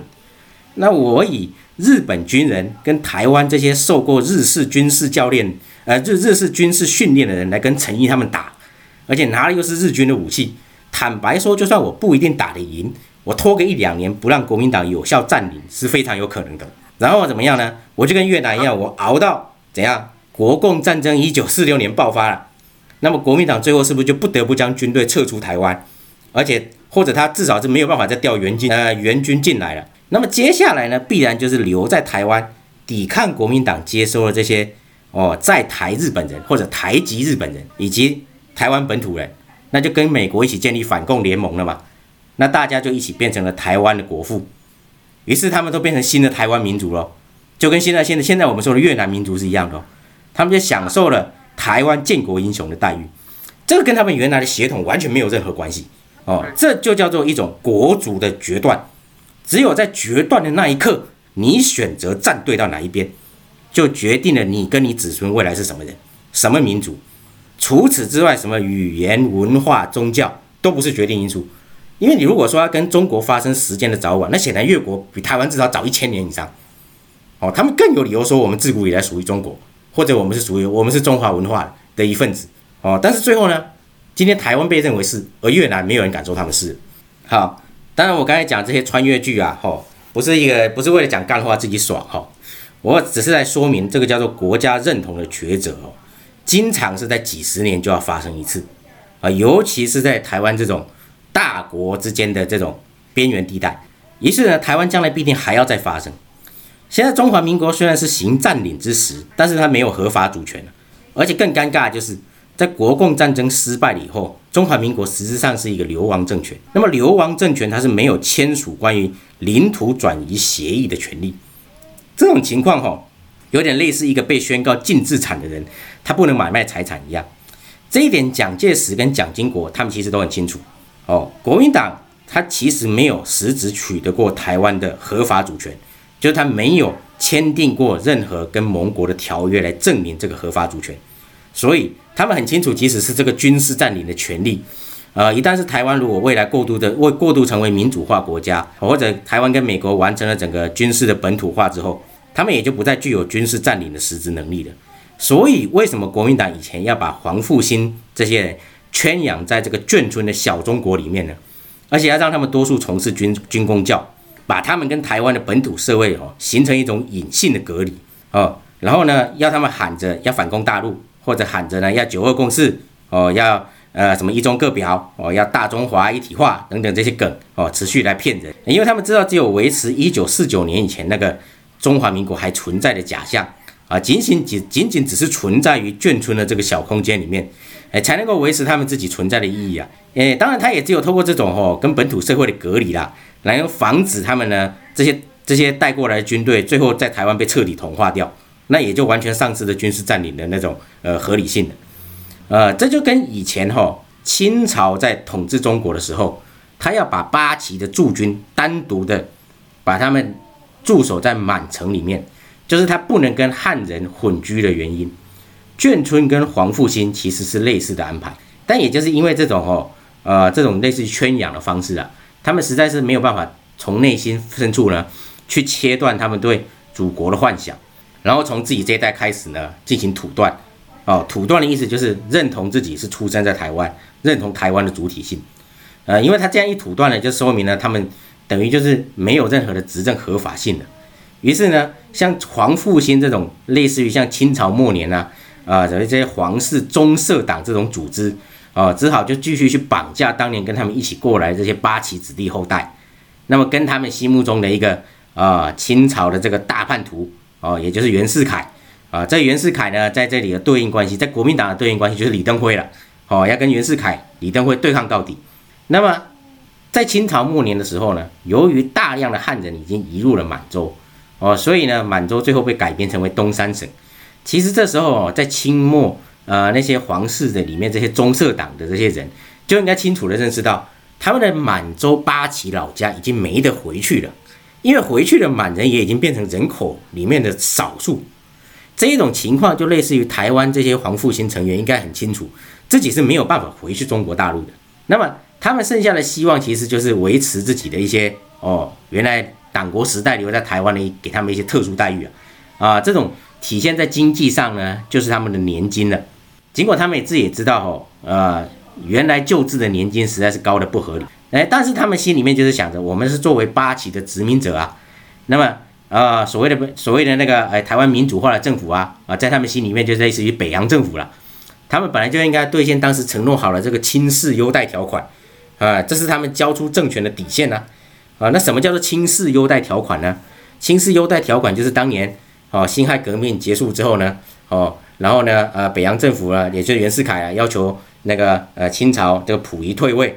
那我以日本軍人跟台灣這些受過日式軍事教練，呃日日式軍事訓練的人來跟陳儀他們打，而且拿的又是日軍的武器。坦白說，就算我不一定打得贏，我拖個一兩年不讓國民黨有效占領是非常有可能的。然後怎麼樣呢？我就跟越南一樣，我熬到怎樣？國共戰爭一九四六年爆發了，那麼國民黨最後是不是就不得不將軍隊撤出台灣？而且或者他至少是沒有辦法再調援軍，呃援軍進來了。那麼接下來呢，必然就是留在台灣抵抗國民黨接收的這些哦，在台日本人或者台籍日本人以及台灣本土人，那就跟美國一起建立反共聯盟了嘛？那大家就一起變成了台灣的國父，於是他們都變成新的台灣民族了，就跟現在現在現在我們說的越南民族是一樣的咯，他們就享受了台灣建國英雄的待遇，這個跟他們原來的血統完全沒有任何關係哦，這就叫做一種國族的決斷。只有在決斷的那一刻，你選擇站隊到哪一邊，就決定了你跟你子孫未來是什麼人、什麼民族。除此之外，什麼語言、文化、宗教都不是決定因素。因為你如果說要跟中國發生時間的早晚，那顯然越國比台灣至少早一千年以上。哦，他們更有理由說我們自古以來屬於中國，或者我們是屬於我們是中華文化的一份子。哦，但是最後呢，今天台灣被認為是，而越南沒有人敢說他們是，好、哦。當然，我剛才講這些穿越劇啊，吼不是一個不是為了講幹話自己爽哈，我只是在說明這個叫做國家認同的抉擇，經常是在幾十年就要發生一次，啊，尤其是在台灣這種大國之間的這種邊緣地帶，於是呢，台灣將來必定還要再發生。現在中華民國雖然是行佔領之時，但是它沒有合法主權，而且更尷尬的就是。在國共戰爭失敗以後，中華民國實質上是一個流亡政權。那麼流亡政權，它是沒有簽署關於領土轉移協議的權利。這種情況，哈，有點類似一個被宣告禁治產的人，他不能買賣財產一樣。這一點，蔣介石跟蔣經國他們其實都很清楚。哦，國民黨他其實沒有實質取得過台灣的合法主權，就是他沒有簽訂過任何跟盟國的條約來證明這個合法主權。所以他們很清楚，即使是這個軍事占領的權利，呃，一旦是台灣如果未來過度的會過度成為民主化國家，或者台灣跟美國完成了整個軍事的本土化之後，他們也就不再具有軍事占領的實質能力了。所以為什麼國民黨以前要把黃復興這些人圈養在這個眷村的小中國裡面呢？而且要讓他們多數從事軍軍公教，把他們跟台灣的本土社會哦形成一種隱性的隔離哦，然後呢，要他們喊着要反攻大陸。或者喊着呢要九二共識哦，要呃什麼一中各表哦，要大中華一體化等等這些梗哦，持續來騙人，因為他們知道只有維持一九四九年以前那個中華民國還存在的假象啊，僅僅僅僅僅只是存在於眷村的這個小空間裡面，哎，才能夠維持他們自己存在的意義啊，哎，當然他也只有透過這種哦跟本土社會的隔離啦，啊，來防止他們呢這些這些帶過來的軍隊最後在台灣被徹底同化掉。那也就完全喪失了軍事占領的那種呃合理性了，呃，這就跟以前哈、哦、清朝在統治中國的時候，他要把八旗的駐軍單獨的把他們駐守在滿城裡面，就是他不能跟漢人混居的原因。眷村跟黃復興其實是類似的安排，但也就是因為這種哦，呃，這種類似圈養的方式啊，他們實在是沒有辦法從內心深處呢去切斷他們對祖國的幻想。然後從自己這一代開始呢，進行土斷，哦，土斷的意思就是認同自己是出生在台灣，認同台灣的主體性，呃，因為他這樣一土斷呢，就說明了他們等於就是沒有任何的執政合法性的。於是呢，像黃復興這種類似於像清朝末年呢，啊，等、呃、於這些皇室宗社黨這種組織，啊、呃，只好就繼續去綁架當年跟他們一起過來這些八旗子弟後代，那麼跟他們心目中的一個啊、呃、清朝的這個大叛徒。哦，也就是袁世凱啊，在袁世凱呢，在這裡的對應關係，在國民黨的對應關係就是李登輝了。哦，要跟袁世凱、李登輝對抗到底。那麼，在清朝末年的時候呢，由於大量的漢人已經移入了滿洲，哦，所以呢，滿洲最後被改編成為東三省。其實這時候，在清末，呃，那些皇室的裡面，這些宗社黨的這些人，就應該清楚的認識到，他們的滿洲八旗老家已經沒得回去了。因為回去的滿人也已經變成人口裡面的少數，這一種情況就類似於台灣這些黃復興成員應該很清楚，自己是沒有辦法回去中國大陸的。那麼他們剩下的希望其實就是維持自己的一些哦，原來黨國時代留在台灣的，給他們一些特殊待遇啊啊，這種體現在經濟上呢，就是他們的年金了啊。盡管他們也自己也知道哦，呃，原來舊制的年金實在是高得不合理。哎，但是他們心裡面就是想着，我們是作為八旗的殖民者啊，那麼啊、呃，所謂的所謂的那個哎、呃，台灣民主化的政府啊，啊、呃，在他們心裡面就是類似於北洋政府了，他們本來就應該兌現當時承諾好了這個清室優待條款，啊、呃，這是他們交出政權的底線呢、啊，啊、呃，那什麼叫做清室優待條款呢？清室優待條款就是當年哦，辛亥革命結束之後呢，哦，然後呢，呃，北洋政府啊，也就是袁世凱啊，要求那個呃，清朝這個溥儀退位。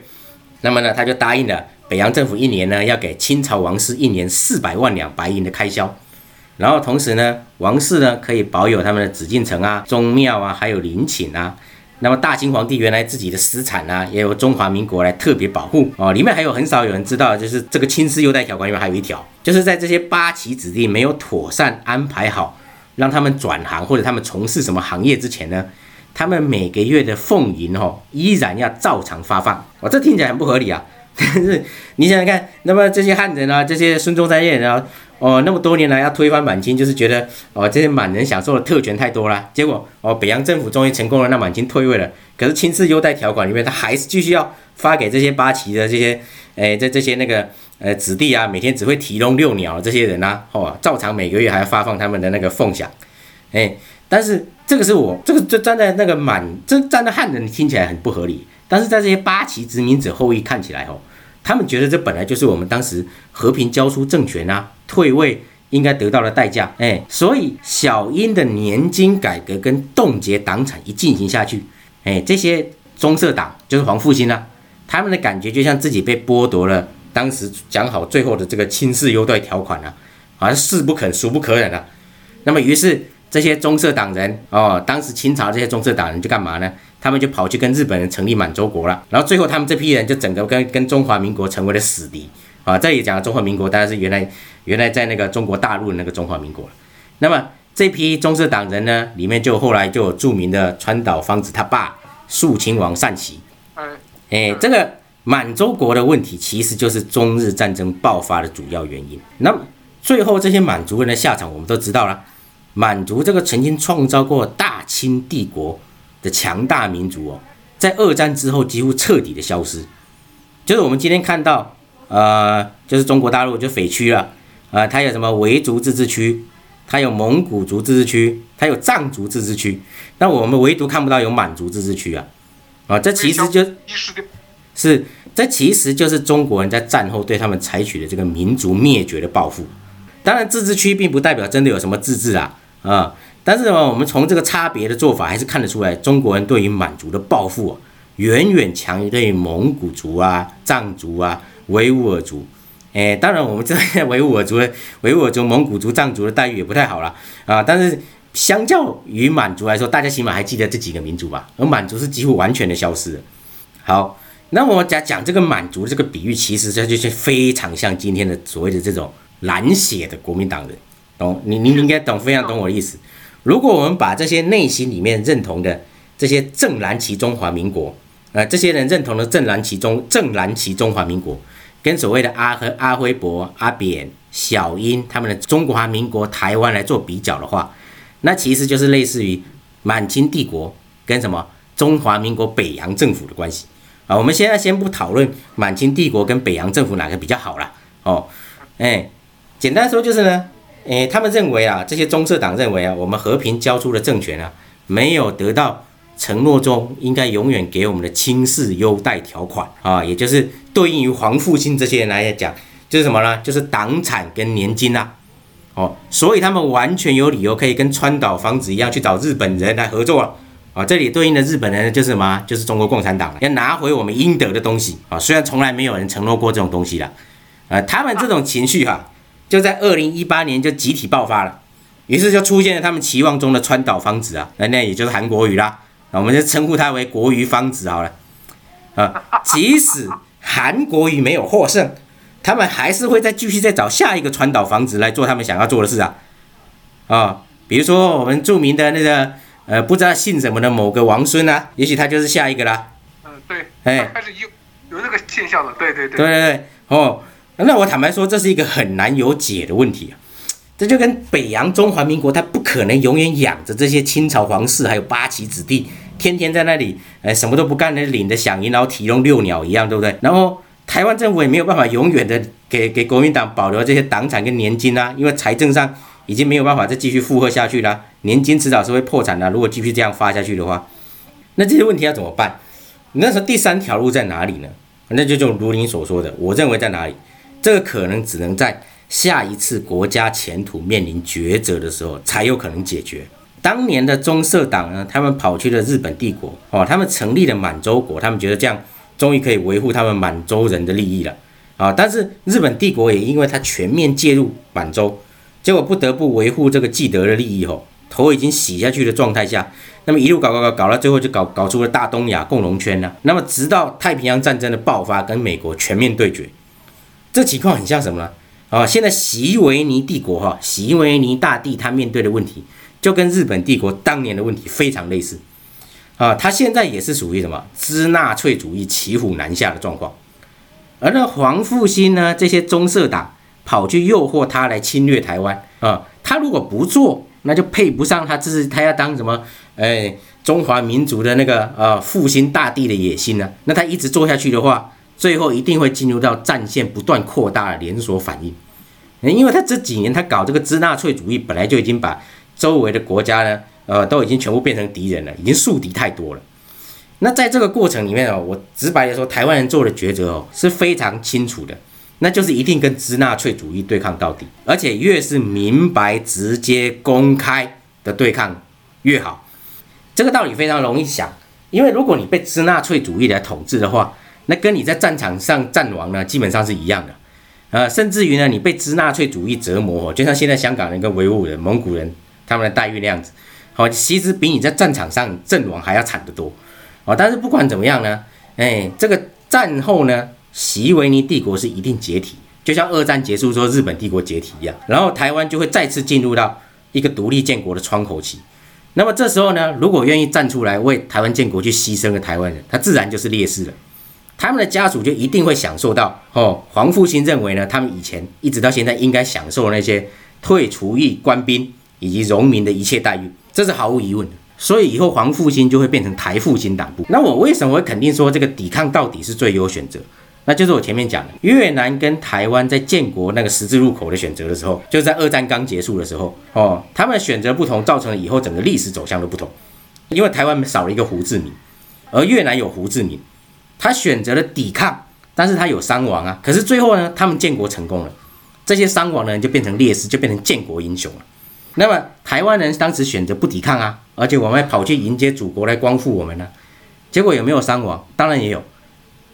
那麼呢，他就答應了北洋政府，一年呢要給清朝王室一年四百萬兩白銀的開銷，然後同時呢，王室呢可以保有他們的紫禁城啊、宗廟啊，還有陵寢啊。那麼大清皇帝原來自己的私產呢、啊，也有中華民國來特別保護哦。裡面還有很少有人知道，就是這個《清室優待條款》裡面還有一條，就是在這些八旗子弟沒有妥善安排好，讓他們轉行或者他們從事什麼行業之前呢。他們每個月的俸銀哦，依然要照常發放。我這聽起來很不合理啊，但是你想想看，那麼這些漢人啊，這些孫中山這些人，啊，哦，那麼多年來要推翻滿清，就是覺得哦這些滿人享受的特權太多了。結果哦，北洋政府終於成功了，讓滿清退位了。可是清室優待條款裡面，他還是繼續要發給這些八旗的這些，誒，哎，在這，這些那個呃子弟啊，每天只會提籠遛鳥這些人啊，哦，照常每個月還要發放他們的那個俸餉，誒、哎。但是這個是我這個就站在那個滿，這站在漢人聽起來很不合理，但是在這些八旗殖民者後裔看起來哦，他們覺得這本來就是我們當時和平交出政權啊，退位應該得到的代價，哎，所以小英的年金改革跟凍結黨產一進行下去，哎，這些棕色黨就是黃復興啊，他們的感覺就像自己被剝奪了，當時講好最後的這個清室優待條款啊，好像是可忍，孰不可忍啊，那麼於是。這些宗社黨人哦，當時清朝這些宗社黨人就幹嘛呢？他們就跑去跟日本人成立滿洲國了。然後最後他們這批人就整個跟跟中華民國成為了死敵啊！這也講了，中華民國當然是原來原來在那個中國大陸的那個中華民國。那麼這批宗社黨人呢，裡面就後來就有著名的川島芳子他爸肅親王善耆。嗯，誒，這個滿洲國的問題其實就是中日戰爭爆發的主要原因。那麼最後這些滿族人的下場，我們都知道了。滿族這個曾經創造過大清帝國的強大民族哦，在二戰之後幾乎徹底的消失。就是我們今天看到，呃，就是中國大陸就匪區了，呃，它有什麼維族自治區，它有蒙古族自治區，它有藏族自治區，那我們唯獨看不到有滿族自治區啊，啊，這其實就，是，這其實就是中國人在戰後對他們採取的這個民族滅絕的報復。當然，自治區並不代表真的有什麼自治啦、啊。啊、嗯！但是嘛，我們從這個差別的做法還是看得出來，中國人對於滿族的報復，啊、遠遠強於對於蒙古族啊、藏族啊、維吾爾族。誒，當然，我們這維吾，維吾爾族、維吾爾族、蒙古族、藏族的待遇也不太好了啊、嗯！但是相較於滿族來說，大家起碼還記得這幾個民族吧？而滿族是幾乎完全的消失了。好，那我講講這個滿族的這個比喻，其實它就是非常像今天的所謂的這種。藍血的國民黨人，懂？你你應該懂，非常懂我的意思。如果我們把這些內心裡面認同的這些正藍旗中華民國，呃，這些人認同的正藍旗中正藍旗中華民國，跟所謂的阿和阿輝伯、阿扁、小英他們的中華民國台灣來做比較的話，那其實就是類似於滿清帝國跟什麼中華民國北洋政府的關係啊。我們現在先不討論滿清帝國跟北洋政府哪個比較好啦，哦，哎、欸。簡單說就是呢，誒、欸，他們認為啊，這些宗社黨認為啊，我們和平交出的政權啊，沒有得到承諾中應該永遠給我們的清室優待條款啊，也就是對應於黃復興這些人來講，就是什麼呢？就是黨產跟年金啊。哦、啊，所以他們完全有理由可以跟川島芳子一樣去找日本人來合作啊，啊。這裡對應的日本人就是什麼？就是中國共產黨要拿回我們應得的東西啊。雖然從來沒有人承諾過這種東西啦，呃、啊，他們這種情緒哈、啊。就在二零一八年就集體爆發了，於是就出現了他們期望中的川島芳子啊，那那也就是韓國瑜啦，我們就稱呼他為國瑜芳子好了。啊，即使韓國瑜沒有獲勝，他們還是會再繼續再找下一個川島芳子來做他們想要做的事啊。啊，比如說我們著名的那個呃，不知道姓什麼的某個王孫啊，也許他就是下一個啦。嗯，對。哎，開始有有那個現象了，對對對。對對對，哦。那我坦白說，這是一個很難有解的問題啊！這就跟北洋中華民國，他不可能永遠養着這些清朝皇室還有八旗子弟，天天在那裡，呃，什麼都不幹，那領着餉銀，然後提籠遛鳥一樣，對不對？然後台灣政府也沒有辦法永遠的給給國民黨保留這些黨產跟年金啊，因為財政上已經沒有辦法再繼續負荷下去了，年金遲早是會破產的。如果繼續這樣發下去的話，那這些問題要怎麼辦？那時候第三條路在哪裡呢？那就就如你所說的，我認為在哪裡？這個可能只能在下一次國家前途面臨抉擇的時候才有可能解決。當年的中社黨呢，他們跑去了日本帝國哦，他們成立了滿洲國，他們覺得這樣終於可以維護他們滿洲人的利益了啊、哦！但是日本帝國也因為他全面介入滿洲，結果不得不維護這個既得的利益哦，頭已經洗下去的狀態下，那麼一路搞搞搞，搞到最後就搞搞出了大東亞共榮圈呢。那麼直到太平洋戰爭的爆發，跟美國全面對決。這情況很像什麼呢？啊，現在習維尼帝國哈，習維尼大帝他面對的問題就跟日本帝國當年的問題非常類似，啊，他現在也是屬於什麼？支納粹主義騎虎難下的狀況。而那黃復興呢，這些棕色黨跑去誘惑他來侵略台灣啊，他如果不做，那就配不上他，這是他要當什麼？哎，中華民族的那個呃、啊、復興大帝的野心呢？那他一直做下去的話，最後一定會進入到戰線不斷擴大的連鎖反應。呃，因為他這幾年他搞這個支納粹主義，本來就已經把周圍的國家呢，呃，都已經全部變成敵人了，已經樹敵太多了。那在這個過程裡面呢，我直白的說，台灣人做的抉擇哦是非常清楚的，那就是一定跟支納粹主義對抗到底，而且越是明白、直接、公開的對抗越好。這個道理非常容易想，因為如果你被支納粹主義來統治的話，那跟你在戰場上戰亡呢，基本上是一樣的，呃，甚至於呢，你被支納粹主義折磨，就像現在香港人跟維吾爾人、蒙古人他們的待遇那樣子，好、呃，其實比你在戰場上陣亡還要慘得多，哦、呃，但是不管怎麼樣呢，哎、欸，這個戰後呢，習維尼帝國是一定解體，就像二戰結束之後日本帝國解體一樣，然後台灣就會再次進入到一個獨立建國的窗口期，那麼這時候呢，如果願意站出來為台灣建國去犧牲的台灣人，他自然就是烈士了。他們的家屬就一定會享受到哦，黃復興認為呢，他們以前一直到現在應該享受的那些退除役官兵以及榮民的一切待遇，這是毫無疑問的。所以以後黃復興就會變成台復興黨部。那我為什麼會肯定說這個抵抗到底是最優選擇？那就是我前面講的，越南跟台灣在建國那個十字路口的選擇的時候，就是在二戰剛結束的時候哦，他們的選擇不同，造成了以後整個歷史走向的不同。因為台灣少了一個胡志明，而越南有胡志明。他選擇了抵抗，但是他有傷亡啊。可是最後呢，他們建國成功了，這些傷亡的人就變成烈士，就變成建國英雄了。那麼台灣人當時選擇不抵抗啊，而且我們還跑去迎接祖國來光復我們呢，啊？結果有沒有傷亡？當然也有，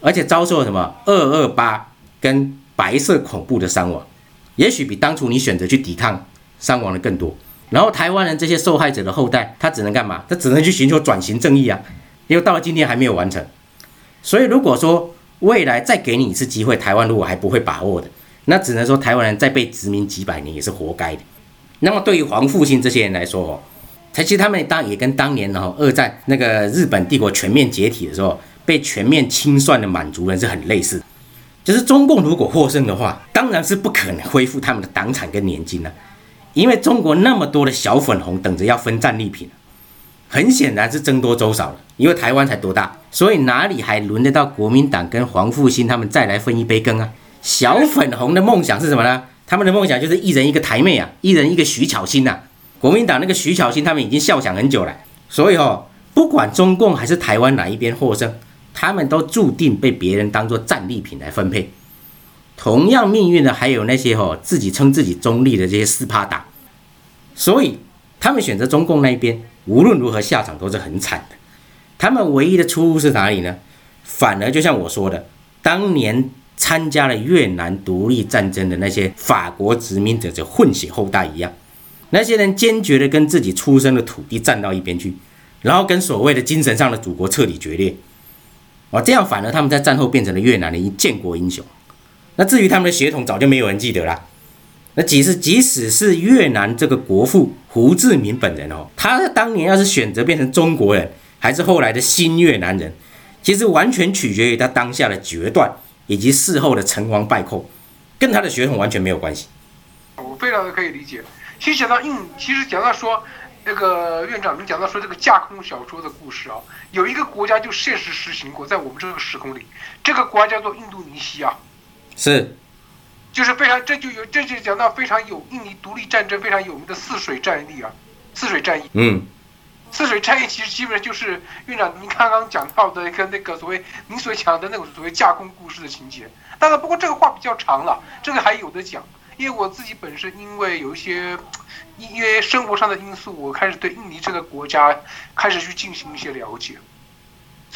而且遭受了什麼二二八跟白色恐怖的傷亡，也許比當初你選擇去抵抗傷亡的更多。然後台灣人這些受害者的後代，他只能幹嘛？他只能去尋求轉型正義啊，因為到了今天還沒有完成。所以，如果說未來再給你一次機會，台灣如果還不會把握的，那只能說台灣人再被殖民幾百年也是活該的。那麼，對於黃復興這些人來說，哦，才其實他們當也跟當年哦二戰那個日本帝國全面解體的時候，被全面清算的滿族人是很類似。就是中共如果獲勝的話，當然是不可能恢復他們的黨產跟年金了，啊，因為中國那麼多的小粉紅等着要分戰利品。很顯然是僧多粥少了，因為台灣才多大，所以哪裡還輪得到國民黨跟黃復興他們再來分一杯羹啊？小粉紅的夢想是什麼呢？他們的夢想就是一人一個台妹啊，一人一個徐巧芯啊。國民黨那個徐巧芯他們已經笑想很久了。所以哦，不管中共還是台灣哪一邊獲勝，他們都注定被別人當做戰利品來分配。同樣命運的還有那些哈、哦、自己稱自己中立的這些四趴黨，所以他們選擇中共那一邊。無論如何，下場都是很慘的。他們唯一的出路是哪裡呢？反而就像我說的，當年參加了越南獨立戰爭的那些法國殖民者的混血後代一樣，那些人堅決地跟自己出生的土地站到一邊去，然後跟所謂的精神上的祖國徹底決裂。哦，這樣反而他們在戰後變成了越南的一個建國英雄。那至於他們的血統，早就沒有人記得了。那即使即使是越南這個國父胡志明本人哦，他當年要是選擇變成中國人，還是後來的新越南人，其實完全取決於他當下的決斷以及事後的成王敗寇，跟他的血統完全沒有關係。我非常的可以理解。其實講到印，其實講到說那個院長，你講到說這個架空小說的故事啊，有一個國家就現實實行過，在我們這個時空裡，這個國家叫做印度尼西亞。是。就是非常，這就有這就講到非常有印尼獨立戰爭非常有名的泗水戰役啊，泗水戰役，嗯，泗水戰役其實基本上就是院長您剛剛講到的一個那個所謂您所講的那種所謂架空故事的情節。當然，不過這個話比較長了，這個還有的講，因為我自己本身因為有一些因因為生活上的因素，我開始對印尼這個國家開始去進行一些了解。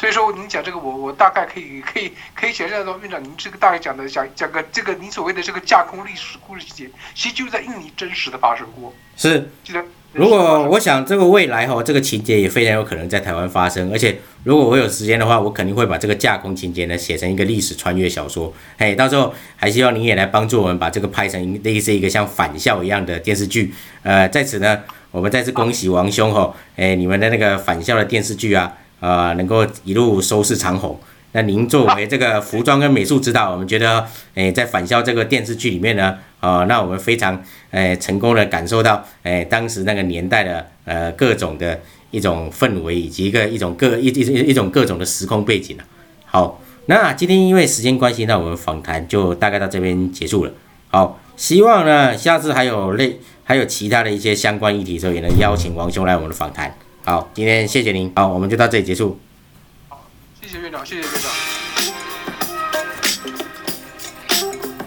所以說您講這個我，我我大概可以可以可以想象到院長，您這個大概講的講講個這個，您所謂的這個架空歷史故事情節，其實就在印尼真實的發生過。是。是的，如果我想這個未來哈，這個情節也非常有可能在台灣發生，而且如果我有時間的話，我肯定會把這個架空情節呢寫成一個歷史穿越小說。嘿，到時候還希望您也來幫助我們把這個拍成類似一個像返校一樣的電視劇。呃，在此呢，我們再次恭喜王兄哈，誒、啊，你們的那個返校的電視劇啊。啊、呃，能夠一路收視長紅。那您作為這個服裝跟美術指導，我們覺得，誒、呃，在《返校》這個電視劇裡面呢，啊、呃，那我們非常，誒、呃，成功的感受到，誒、呃，當時那個年代的，呃，各種的一種氛圍，以及一個一種各一一一種各種的時空背景。啊、好，那今天因為時間關係，那我們訪談就大概到這邊結束了。好，希望呢，下次還有類，還有其他的一些相關議題的時候，也能邀請王兄來我們的訪談。好，今天謝謝您。好，我們就到這裡結束。好，謝謝院長，謝謝院長。